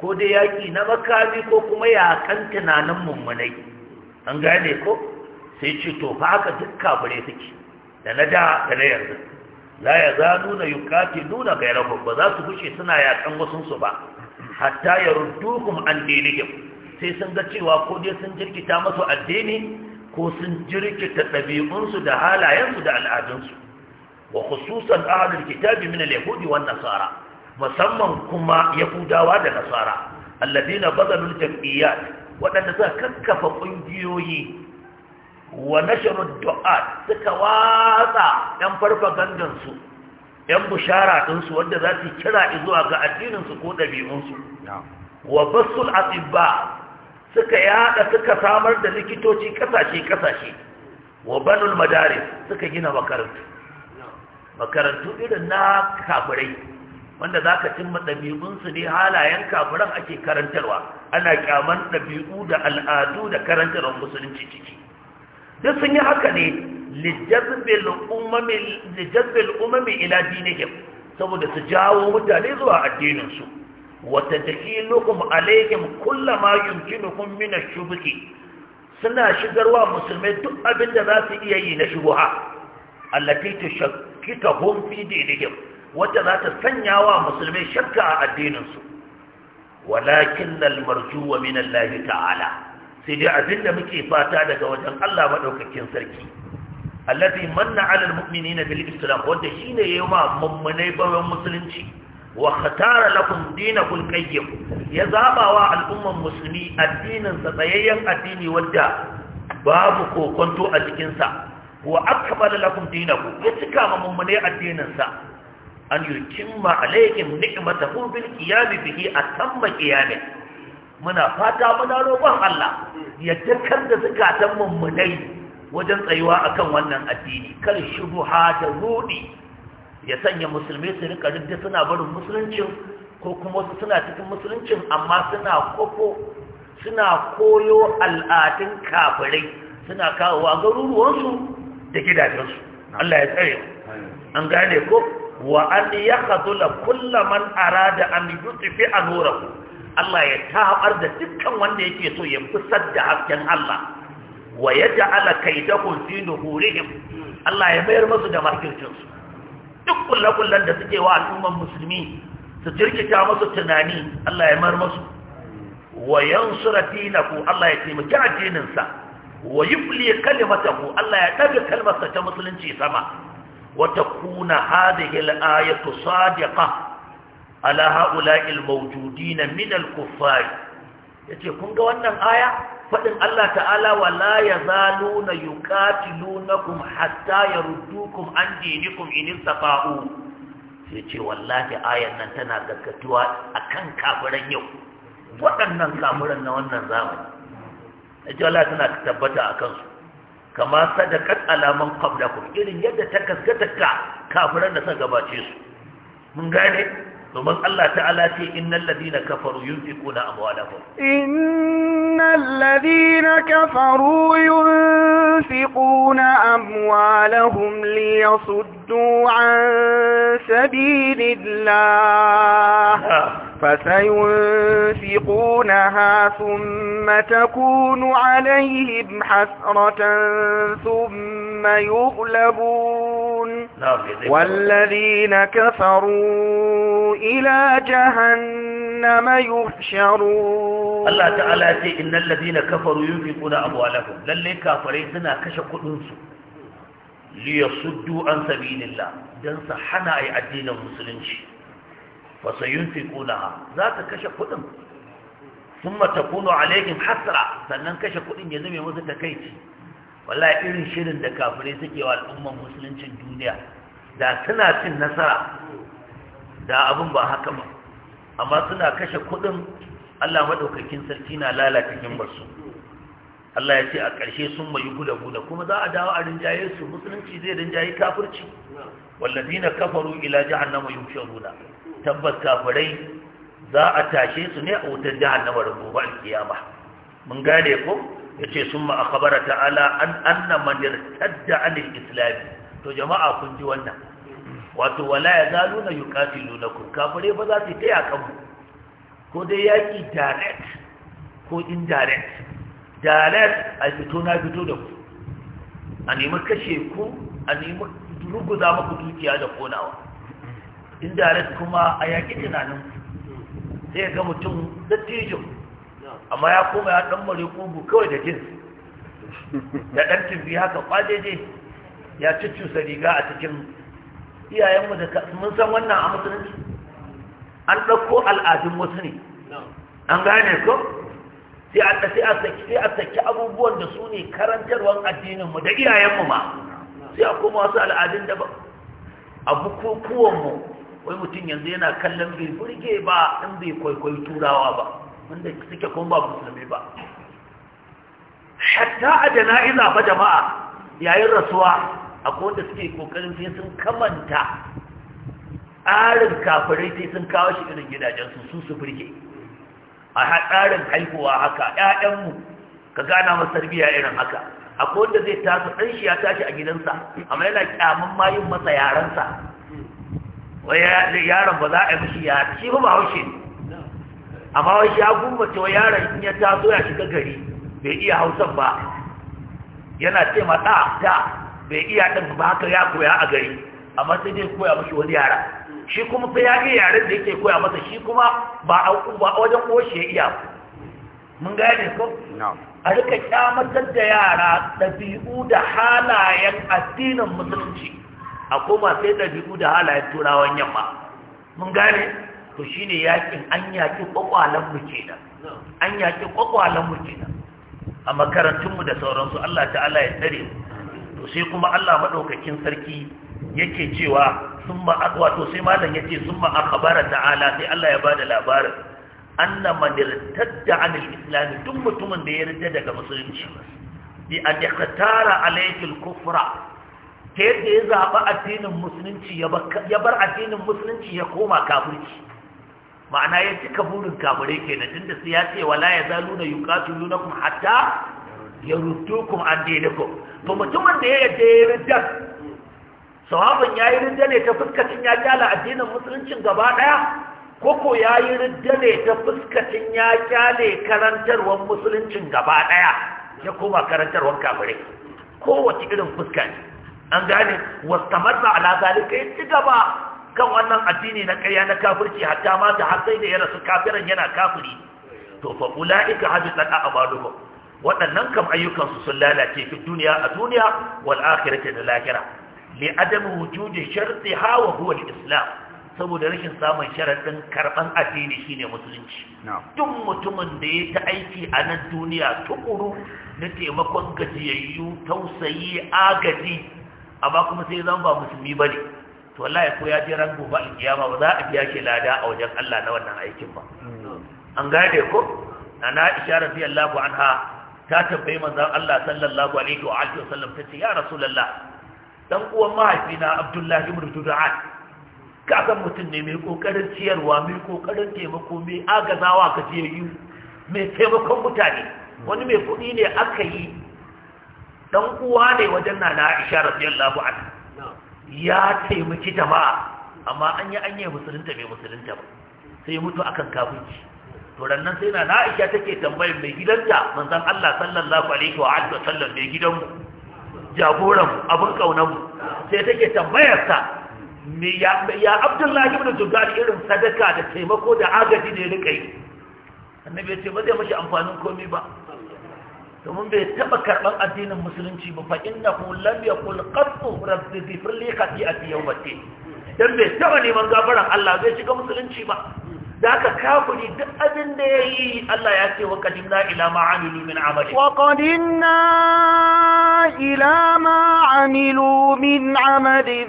ko dai yaƙi na makami ko kuma yakan tunanin mummunai an gane ko sai ce to fa haka duk kafirai suke da na da da na yanzu la ya zalu na yukati nuna gairakum ba za su bushe suna yakan wasunsu ba hatta ya ruddukum an dinihim sai sun ga cewa ko dai sun jirkita masu addini ko sun jirkita ɗabi'unsu da halayensu da al'adunsu wa khususan ahlul kitabi min al-yahudi wan nasara musamman kuma yahudawa da nasara alladina bazalul jam'iyyat waɗanda suka kakkafa ƙungiyoyi wa nashrud du'a suka watsa yan farfagandan su yan bushara din su wanda za su kira zuwa ga addinin su ko dabi'un su wa basul atibba suka yada suka samar da likitoci kasashe kasashe wa banul madaris suka gina makarantu makarantu irin na kafirai wanda za ka cimma ɗabi'unsu ne halayen kafiran ake karantarwa ana kyaman ɗabi'u da al'adu da karantarwar musulunci ciki duk sun yi haka ne lijazbil umami ila dinihim saboda su jawo mutane zuwa addininsu wata dakilukum alaihim kullama yumkinukum kun mina shubuki, suna shigarwa musulmai duk abin da za su iya yi na shubuha allati tushakkituhum fi dinihim wata za ta sanya wa musulmai shakka a addininsu walakin al-marjuwa min Allah ta'ala sai dai abin da muke fata daga wajen Allah maɗaukakin sarki allazi manna alal na bil islam wanda shine ya ma mummunai bayan musulunci wa khatara lakum dinakum qayyim ya wa al'umman musulmi addinin sa tsayayyen addini wanda babu kokonto a cikin wa akmala lakum ku! ya cika ma mummunai addinin sa an yutimma alaykum ni'matahu bil qiyam bihi atamma qiyamin muna fata muna roƙon Allah ya dakar da zukatan mummunai wajen tsayuwa akan wannan addini kar shubuha da rudi ya sanya musulmi su rika duk suna barin musulunci ko kuma su suna cikin musulunci amma suna koko suna koyo al'adun kafirai suna kawo garuruwansu da gidajensu Allah ya tsare an gane ko wa an ya khadula kullu man arada an yutfi anuruhu Allah ya tabar da dukkan wanda yake so ya fusar da hasken Allah wa yaj'ala kaidahum fi nuhurihim Allah ya mayar musu da makircin su duk kullakullan da suke wa al'umman musulmi su jirkita musu tunani Allah ya mayar musu wa yansura dinahu Allah ya taimaki addinin sa wa yubli kalimatahu Allah ya daga kalmarsa ta musulunci sama wa takuna hadhihi al-ayatu sadiqah ala ha'ula'il mawjudin min al-kuffar yace kun ga wannan aya fadin Allah ta'ala wala yazaluna yuqatilunakum hatta yaruddukum an dinikum in istafa'u yace wallahi ayan nan tana gaggatuwa akan kafiran yau waɗannan kafiran na wannan zamani yace Allah tana tabbata akan su kama sadakat alaman qablakum irin yadda ta kaskata ka kafiran da suka gabace su mun gane ومن الله تعالى في إن الذين كفروا ينفقون أموالهم إن الذين كفروا ينفقون أموالهم ليصدوا عن سبيل الله فسينفقونها ثم تكون عليهم حسرة ثم يغلبون نعم، والذين كفروا إلى جهنم يحشرون الله تعالى يقول إن الذين كفروا ينفقون أموالهم للي كافرين لنا كشف أنسوا ليصدوا عن سبيل الله دنس حنا أي الدين المسلمين ba su za ta kashe kuɗin sun a alaikin hasra sannan kashe kuɗin ya zama musu takaici wallahi irin shirin da kafirai suke wa al'umman musuluncin duniya da suna cin nasara da abin ba haka ba amma suna kashe kuɗin allah maɗaukakin sarki na lalata himmarsu allah ya ce a ƙarshe sun mayu guda-guda kuma za a dawo a rinjaye su musulunci zai rinjaye kafirci wallazina kafaru ila jahannama yusharuna tabbas kafirai za a tashe su ne a wutar jahannama da gobe alkiyama mun gane ko yace summa akhbara ta'ala an anna man irtadda anil islam to jama'a kun ji wannan wato wala luna ku. kafirai ba za su ta yakan mu ko dai yaki direct ko indirect direct a fito na fito da ku a nemi kashe ku a nemi ruguza muku dukiya da konawa indirect kuma a yaƙi tunanin sai ga mutum dattijo amma ya koma ya ɗan mare kugu kawai da jins da ɗan tumbi haka kwajeje ya cuccusa riga a cikin iyayenmu da mun san wannan a musulunci an ɗauko al'adun wasu ne an gane ko sai a saki abubuwan da su ne karantarwar addininmu da iyayenmu ma sai a koma wasu al'adun da ba. a bukukuwanmu wai mutum yanzu yana kallon bai burge ba in bai kwaikwayi turawa ba wanda suke kuma ba musulmi ba hatta a jana'iza ba jama'a yayin rasuwa akwai wanda suke kokarin sai sun kamanta tsarin kafirai sai sun kawo shi irin gidajensu su su burge a tsarin haihuwa haka ƴaƴanmu ka gana masu tarbiyya irin haka akwai wanda zai taso ɗan shi ya tashi a gidansa amma yana kyamun ma yin masa yarensa wai yaron ba za a mishi ya shi ba ba haushe ne amma wai shi ya gumbace wa yaron in ya taso ya shiga gari bai iya hausan ba yana ce ma ɗa ta bai iya ɗin ba haka ya koya a gari amma sai dai koya mashi wani yara shi kuma sai ya iya yaren da yake koya masa shi kuma ba a wajen koshi ya iya mun gane ko a rika kyamatar da yara ɗabi'u da halayen addinin musulunci a koma sai ɗabi'u da halayen turawan yamma mun gane to shine yakin an yaki kwakwalen mu kenan an yaki kwakwalen mu kenan a makarantun da sauransu Allah ta'ala ya tsare mu. to sai kuma Allah madaukakin sarki yake cewa sun ma wato sai malam yace sun ma akhbara ta'ala sai Allah ya bada labarin anna man irtadda anil islam duk mutumin da ya yarda daga musulunci bi an yakhtara alayhi kufra ta yadda ya zaɓi addinin musulunci ya bar addinin musulunci ya koma kafirci ma'ana ya cika burin kafire kenan inda sai ya ce wala ya zalu na yuqatilu lakum hatta yaruddukum an dinikum to mutumin da ya yadda ya ridda sahabban ya yi ridda ne ta fuskacin ya kyala addinin musuluncin gaba ɗaya koko ya yi ridda ne ta fuskacin ya kyale karantarwar musuluncin gaba ɗaya ya koma karantarwar kafirai kowace irin fuska ne an gane wastamarra ala zalika ya ci gaba kan wannan addini na ƙarya na kafirci hatta ma da har sai da ya rasu kafiran yana kafiri to fa ulaika habitat a'maluhum waɗannan kam ayyukan su sun lalace fi duniya a duniya wal akhirati da lahira li adam wujudi sharti ha wa huwa al islam saboda rashin samun sharadin karban addini shine musulunci duk mutumin da ya ta aiki a nan duniya tukuru na taimakon gajiyayyu tausayi agaji amma kuma sai zan ba musulmi ba ne to wallahi ko koya je ba gobe kiyama ba za a biya shi lada a wajen Allah na wannan aikin ba an gane ko nana Aisha radiyallahu anha ta tambayi manzon Allah sallallahu alaihi wa alihi wasallam ce ya rasulullah dan uwan mahaifina Abdullahi ibn Ka san mutum ne mai kokarin ciyarwa mai kokarin taimako mai agazawa gajiyayyu mai taimakon mutane wani mai kuɗi ne aka yi dan uwa ne wajen na na Aisha radiyallahu anha ya taimaki jama'a amma an yi anya musulunta bai musulunta ba sai mutu akan kafirci to rannan sai na Aisha take tambayar mai gidanta manzon Allah sallallahu alaihi wa alihi wasallam mai gidanmu jagoran abun kaunar mu sai take tambayar ta me ya ya Abdullahi ibn Jugad irin sadaka da taimako da agaji da ya rika yi annabi ya ce ba zai mashi amfanin komai ba domin bai taba karban addinin musulunci ba fa innahu lam yaqul qattu rabbi ghfir li khati'ati yawmati dan bai taba neman gafaran Allah bai shiga musulunci ba da aka kafuri duk abin da yayi Allah ya ce wa qadimna ila ma amilu min amali wa qadimna ila ma amilu min amali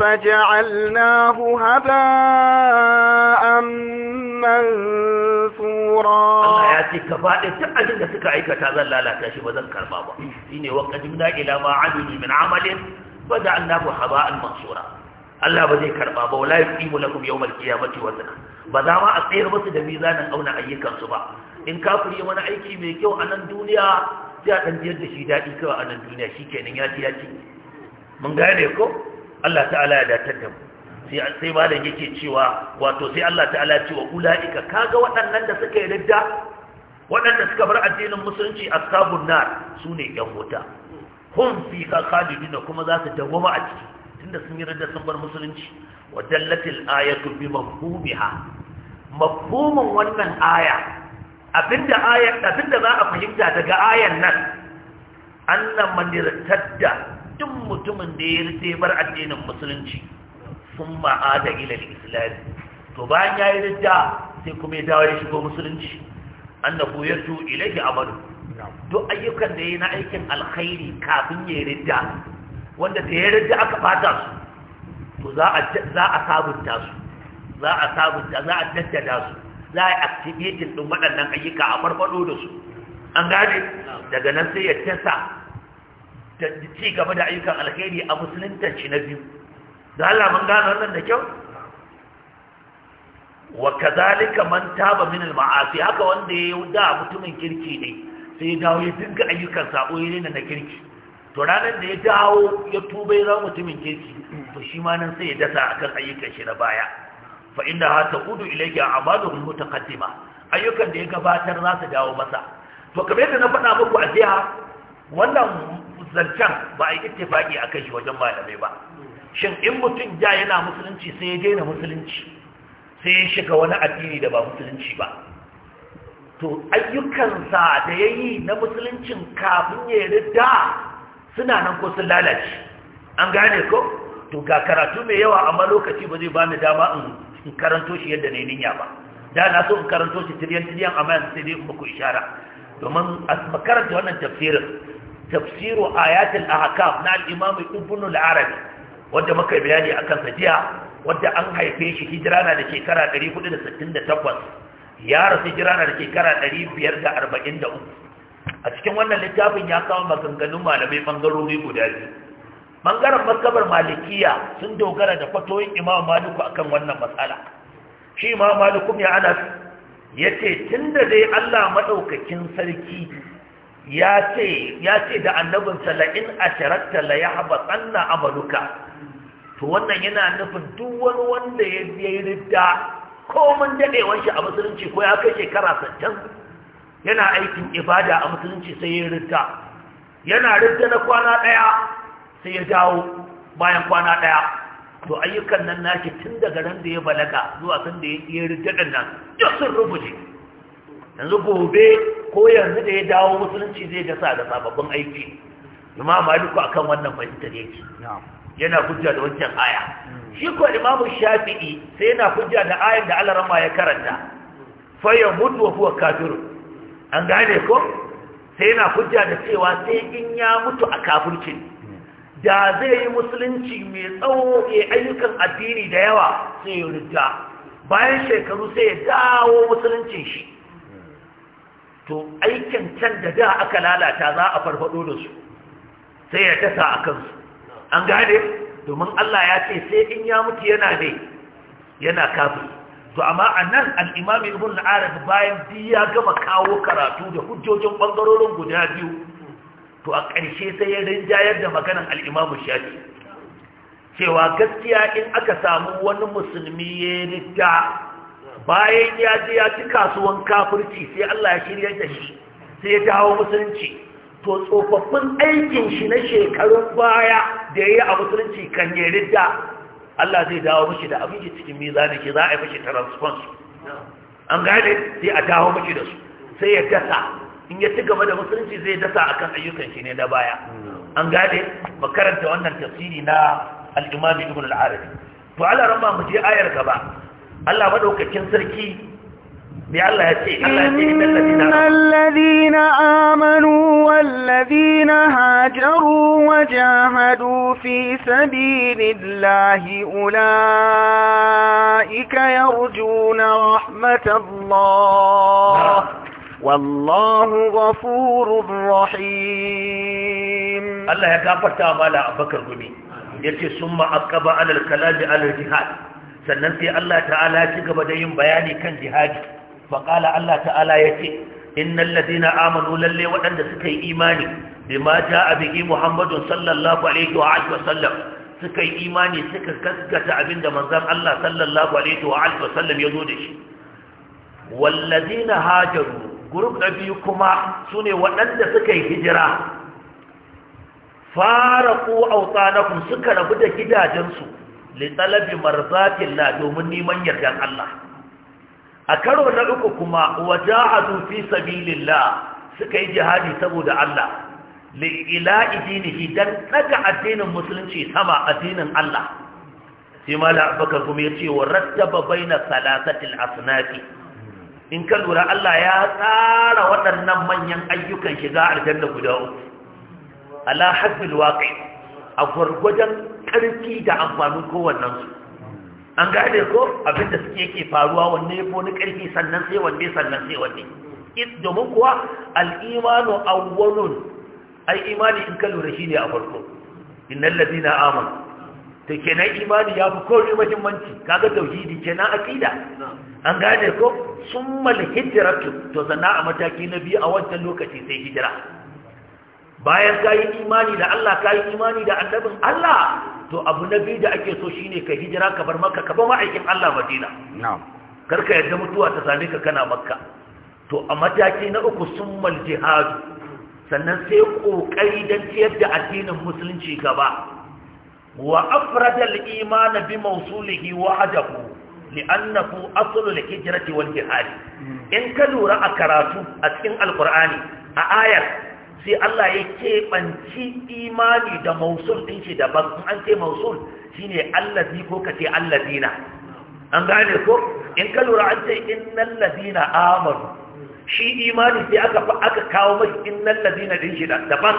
faj'alnahu haba'an Allah ya ce ka faɗi duk abin da suka aikata zan lalata shi ba zan karba ba shine wa qadimna ila ma amilu min amalin faja'alnahu haba'an mansura Allah ba zai karba ba wala yuqimu lakum yawm al-qiyamati wazna ba za ma a tsayar musu da mizanin auna ayyukan su ba in kafiri wani aiki mai kyau a nan duniya sai a dan jiyar da shi dadi kawai a nan duniya shikenan ya ci ya ci mun gane ko Allah ta'ala ya datar da mu sai malam yake cewa wato sai Allah ta'ala ce wa ula'ika kaga waɗannan da suka yi ridda waɗanda suka bar addinin musulunci ashabun nar sune yan wuta hum fi khalidina kuma za su dawwama a ciki tunda sun yi ridda sun bar musulunci wa dallatil ayatu bi mafhumiha mafhumin wannan aya abinda ayar abinda za a fahimta daga ayar nan annan man irtadda duk mutumin da ya rite bar addinin musulunci sun ma'ada ilal islam to bayan ya yi ridda sai kuma ya dawo ya shigo musulunci annahu yarju ilayhi amalu duk ayyukan da yana na aikin alkhairi kafin ya yi ridda wanda da ya ridda aka fata su to za a za a sabunta su za a sabunta za a daddada su za a activating din waɗannan ayyuka a farfado da su an gane daga nan sai ya tasa ta ci gaba da ayyukan alkhairi a musulunta shi na biyu da Allah mun gane wannan da kyau wa kadhalika man taba min al ma'asi haka wanda ya da mutumin kirki ne sai ya dawo ya dinga ayyukan sabo ya na kirki to ranar da ya dawo ya tuba ya zama mutumin kirki to shi ma nan sai ya dasa akan ayyukan shi na baya fa inda ha taqudu ilayka amaluhum mutaqaddima ayyukan da ya gabatar za su dawo masa to kamar yadda na faɗa muku a jiya wannan zancen ba a yi ittifaqi akan shi wajen malamai ba shin in mutum ja yana musulunci sai ya daina musulunci sai ya shiga wani addini da ba musulunci ba to ayyukansa da ya yi na musuluncin kafin ya rida suna nan ko sun lalace an gane ko to ga karatu mai yawa amma lokaci ba zai bani dama in karanto shi yadda ne ninya ba da na so in karanto shi tiriyan tiriyan amma yanzu sai dai in muku ishara domin a makaranta wannan tafsirin tafsiru ayatul ahkam na al-imam ibn al-arabi wadda muka bayani akan sajiya wadda an haife shi hijira na da shekara 468 ya rasu hijira na da shekara 543 a cikin wannan littafin ya kawo maganganun malamai bangarori guda biyu bangaren maskabar malikiya sun dogara da fatoyin imam maliku akan wannan matsala shi imam maliku ya ana ya ce tun da dai allah maɗaukakin sarki ya ce da annabinsa la'in a shiratta la ya haɓa tsanna amaluka to wannan yana nufin duk wani wanda ya yi ridda ko mun daɗewan shi a musulunci ko ya kai shekara sattan yana aikin ibada a musulunci sai ya ridda yana ridda na kwana ɗaya sai ya dawo bayan kwana ɗaya to ayyukan nan naki tun daga ran da ya balaga zuwa san da ya ridda din nan duk sun rubuce yanzu gobe ko yanzu da ya dawo musulunci zai sa da sababbin aiki imam maliku akan wannan fahimtar yake yana hujja da wancan aya shi ko imamu shafi'i sai yana hujja da ayan da Allah rama ya karanta fa ya mutu wa huwa kafir an gane ko sai yana hujja da cewa sai in ya mutu a kafirci da zai yi musulunci mai tsawo ya ayyukan addini da yawa sai ya rudda bayan shekaru sai ya dawo musuluncin shi to aikin can da da aka lalata za a farfado da su sai ya tasa a kansu an gane domin Allah ya ce sai in ya mutu yana ne yana kafin to amma a nan alimami ibn arab bayan biyu ya gama kawo karatu da hujjojin ɓangarorin guda biyu to a ƙarshe sai ya rinjayar da maganan al'imamu shafi cewa gaskiya in aka samu wani musulmi ya rita bayan ya je ya ci kasuwan kafirci sai Allah ya shirya da shi sai ya dawo musulunci to tsofaffin aikin shi na shekarun baya da ya yi a musulunci kan yi ridda Allah zai dawo mashi da abin shi cikin mizanin shi za a yi mashi transfons an gane sai a dawo mashi da su sai ya dasa in ya ci gaba da musulunci zai dasa akan ayyukan shi ne na baya an gane makaranta wannan tafsiri na al-imam ibn al-arabi to Allah ramma mu je ayar gaba Allah madaukakin sarki إن الذين آمنوا والذين هاجروا وجاهدوا في سبيل الله أولئك يرجون رحمة الله والله غفور رحيم الله يكافر تعمال أبكر قمي يتي ثم أكبا على الكلام على الجهاد سننتي الله تعالى تقبضين بياني كان جهادي faƙala Allah ta'ala ya ce, Inna ladina amanu lalle waɗanda suka yi imani, bi a biki Muhammadu sallallahu Alaihi wa Aishu wasallam, suka yi imani suka gaskata abin da manzan Allah sallallahu Alaihi wa Aishu ya zo da shi. Walladina hajaru, guruf na biyu kuma su ne waɗanda suka yi hijira, fara ko auta na suka rabu da gidajensu, li tsalabi domin neman yardan Allah. a karo na uku kuma a fi sabilillah suka yi jihadi saboda Allah li'ila idinihi dan daga addinin musulunci sama addinin Allah sai mala abakar kuma ya ce wa rattaba baina salatatil asnafi in ka lura Allah ya tsara waɗannan manyan ayyukan shiga aljanna guda uku ala hasbil waqi a gwargwajen da amfanin kowannensu. an gane ko abinda suke yake faruwa wanne ya wani ƙarfi sannan sai wanne sannan sai wanne domin kuwa al'imanu awwalun ai imani in kallon lura shi ne a farko innal na amanu to kenan imani ya fi kowai muhimmanci kaga tauhidi kenan akida an gane ko summal hijratu to sannan a mataki na biyu a wancan lokaci sai hijira bayan ka yi imani da Allah ka yi imani da annabin Allah to abu na biyu da ake so shine ka hijira ka bar makka ka bar ma'aikin Allah madina kar ka yarda mutuwa ta same ka kana makka to a mataki na uku summal jihadu sannan sai kokari dan ciyar da addinin musulunci gaba wa afradal iman bi mawsulihi wahdahu li'annahu aslul hijrati wal jihad hmm. in ka lura a karatu a cikin alqur'ani a ayar sai Allah ya keɓanci imani da mausul ɗin shi daban in an ce mausul shine allazi ko ka ce allazina an gane ko in ka lura an ce innal lazina amanu shi imani sai aka aka kawo mai innal lazina ɗin shi daban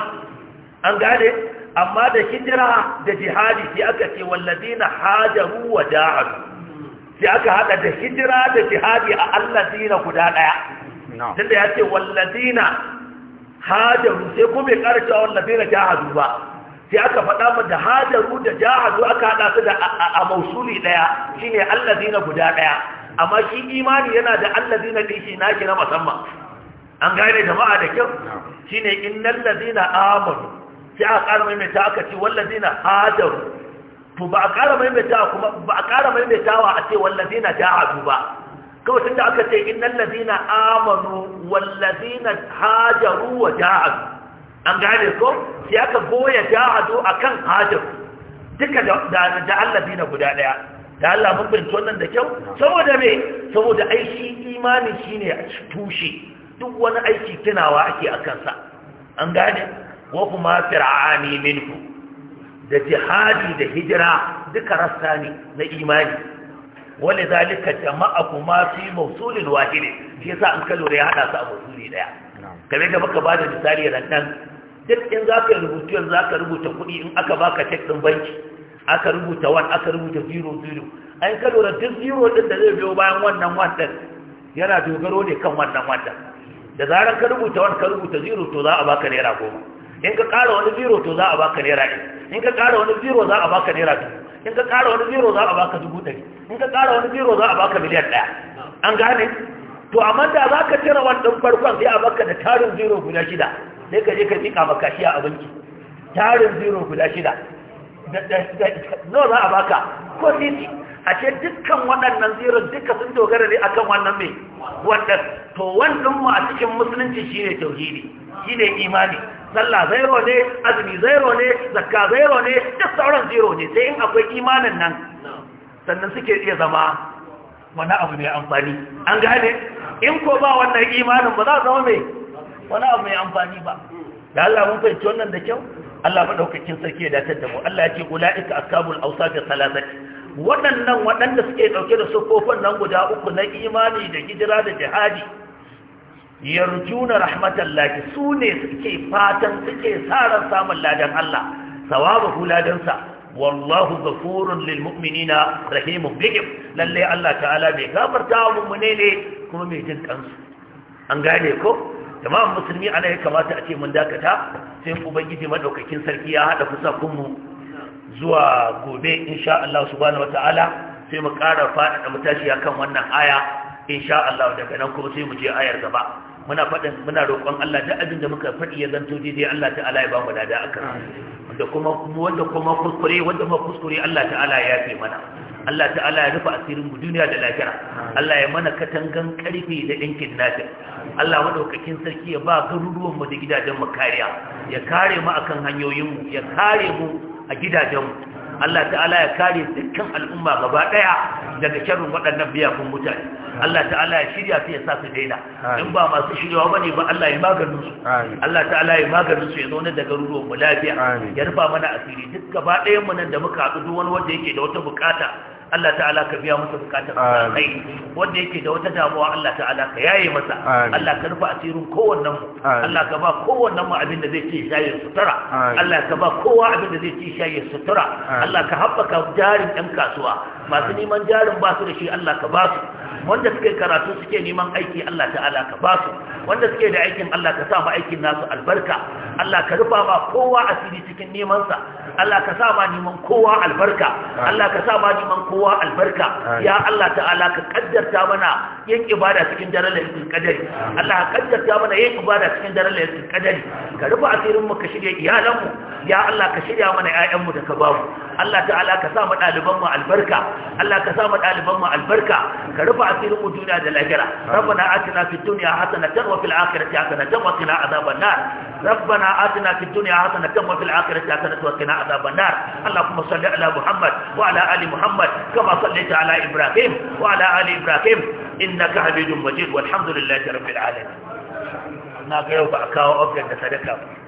an gane amma da hijira da jihadi sai aka ce walladina hajaru wa da'adu sai aka hada da hijira da jihadi a allazina guda daya tunda ya ce walladina hajaru sai ko bai kara cewa wannan bai na jahadu ba sai aka faɗa mu da hajaru da jahadu aka haɗa su da a mausuli ɗaya shine allazina guda ɗaya amma shi imani yana da allazina ɗin shi naki na musamman an gane jama'a da kyau shine innal ladina amanu sai aka ƙara maimaita aka ce zina hajaru to ba a ƙara kuma ba a ƙara maimaitawa a ce wallazina jahadu ba kawai da aka ce innal ladina amanu wal hajaru wa jahadu an gane ko sai aka goya jahadu akan hajaru duka da da guda daya da Allah mun bin wannan da kyau saboda me saboda aiki imani shine tushe duk wani aiki tunawa ake a kansa. an gane wa kuma fir'ani minku da jihadi da hijira duka rasta ne na imani wani zalika jama'a kuma fi mausulin wahide shi yasa an ka lura ya hada su a mausuli daya kamar da baka bada misali nan duk in za ka rubutu yanzu za rubuta kuɗi in aka baka cek ɗin banki aka rubuta wan aka rubuta zero zero an ka lura duk zero ɗin da zai biyo bayan wannan wannan yana dogaro ne kan wannan wannan da zarar ka rubuta wan ka rubuta zero to za a baka naira goma in ka ƙara wani zero to za a baka naira ɗaya in ka ƙara wani zero za a baka naira biyu in ka ƙara wani zero za a baka dubu ɗari in ka ƙara wani zero za a baka miliyan ɗaya an gane to amma da za ka cire wannan farkon sai a baka da tarin zero guda shida sai ka je ka miƙa maka shi a banki tarin zero guda shida nawa za a baka ko sisi a ce dukkan waɗannan zero duka sun dogara ne akan wannan mai wannan to wannan mu a cikin musulunci shine tauhidi ne imani sallah zairo ne azumi zairo ne zakka zairo ne duk sauran zairo ne sai in akwai imanin nan sannan suke iya zama wani abu mai amfani an gane in ko ba wannan imanin ba za zama mai wani abu mai amfani ba da Allah mun fahimci wannan da kyau Allah madaukakin sarki ya datar da mu Allah ya ce ulaika ashabul awsat salasati waɗannan waɗanda suke dauke da sufofin nan guda uku na imani da hijira da jihadi yarjuna rahmatallahi sune ne suke fatan suke sarar samun ladan Allah sawabahu ladansa wallahu ghafurun lil mu'minina rahimun bihim lalle Allah ta'ala bai gafarta wa mu'mine ne kuma mai jin kansu an gane ko jama'an musulmi ana ya kamata a ce mun dakata sai ubangiji madaukakin sarki ya hada kusakun mu zuwa gobe insha Allah subhanahu wataala sai mu kara faɗaɗa matashiya kan wannan aya insha Allah daga nan kuma sai mu je ayar gaba muna faɗin muna roƙon Allah da abin da muka faɗi ya zanto daidai Allah ta'ala ya ba mu dada akan wanda kuma wanda kuma kuskure wanda kuma kuskure Allah ta'ala ya fi mana Allah ta'ala ya rufe asirin mu duniya da lafiya Allah ya mana katangan karfi da dinkin nafi Allah madaukakin sarki ya ba garuruwan mu da gidajen mu kariya ya kare mu akan hanyoyin mu ya kare mu a gidajen mu Allah ta'ala ya kare dukkan al'umma gaba daya daga sharrin waɗannan biyafin mutane Allah ta'ala ya shirya su ya sa su daina in ba masu shiryawa bane ba Allah ya maganin su Allah ta'ala ya maganin su ya zauna da garuruwan mu lafiya ya rufa mana asiri duk gaba ɗayan mu nan da muka haɗu duk wani wanda yake da wata bukata Allah ta'ala ka biya masa bukatar kai wanda yake da wata damuwa Allah ta'ala ka yaye masa Allah ka rufa asirin kowannen mu Allah ka ba kowannen mu abin da zai ci shayin sutura Allah ka ba kowa abin da zai ci shayin sutura Allah ka haɓaka jarin ɗan kasuwa masu neman jarin ba su da shi Allah ka ba su wanda suke karatu suke neman aiki Allah ta'ala ka ba su wanda suke da aikin Allah ka sa ma aikin nasu albarka Allah ka rufa ma kowa asiri cikin neman sa Allah ka sa ma neman kowa albarka Allah ka sa ma neman kowa albarka ya Allah ta'ala ka kaddarta mana yin ibada cikin daren lailatul qadari Allah ka kaddarta mana yin ibada cikin daren lailatul qadari ka rufa asirin mu ka shirya iyalan mu ya Allah ka shirya mana ƴaƴan mu da ka ba mu Allah ta'ala ka sa mu ɗaliban mu albarka Allah ka sa mu ɗaliban mu albarka ka rufa asirin mu duniya da lahira rabbana atina fid dunya hasanatan wa fil akhirati hasanatan wa qina adhaban nar rabbana atina fid dunya hasanatan wa fil akhirati hasanatan wa qina adhaban nar allahumma salli ala muhammad wa ala ali muhammad kama sallaita ala ibrahim wa ala ali ibrahim innaka hamidum majid walhamdulillahi rabbil alamin na ga yau ba kawo object da sadaka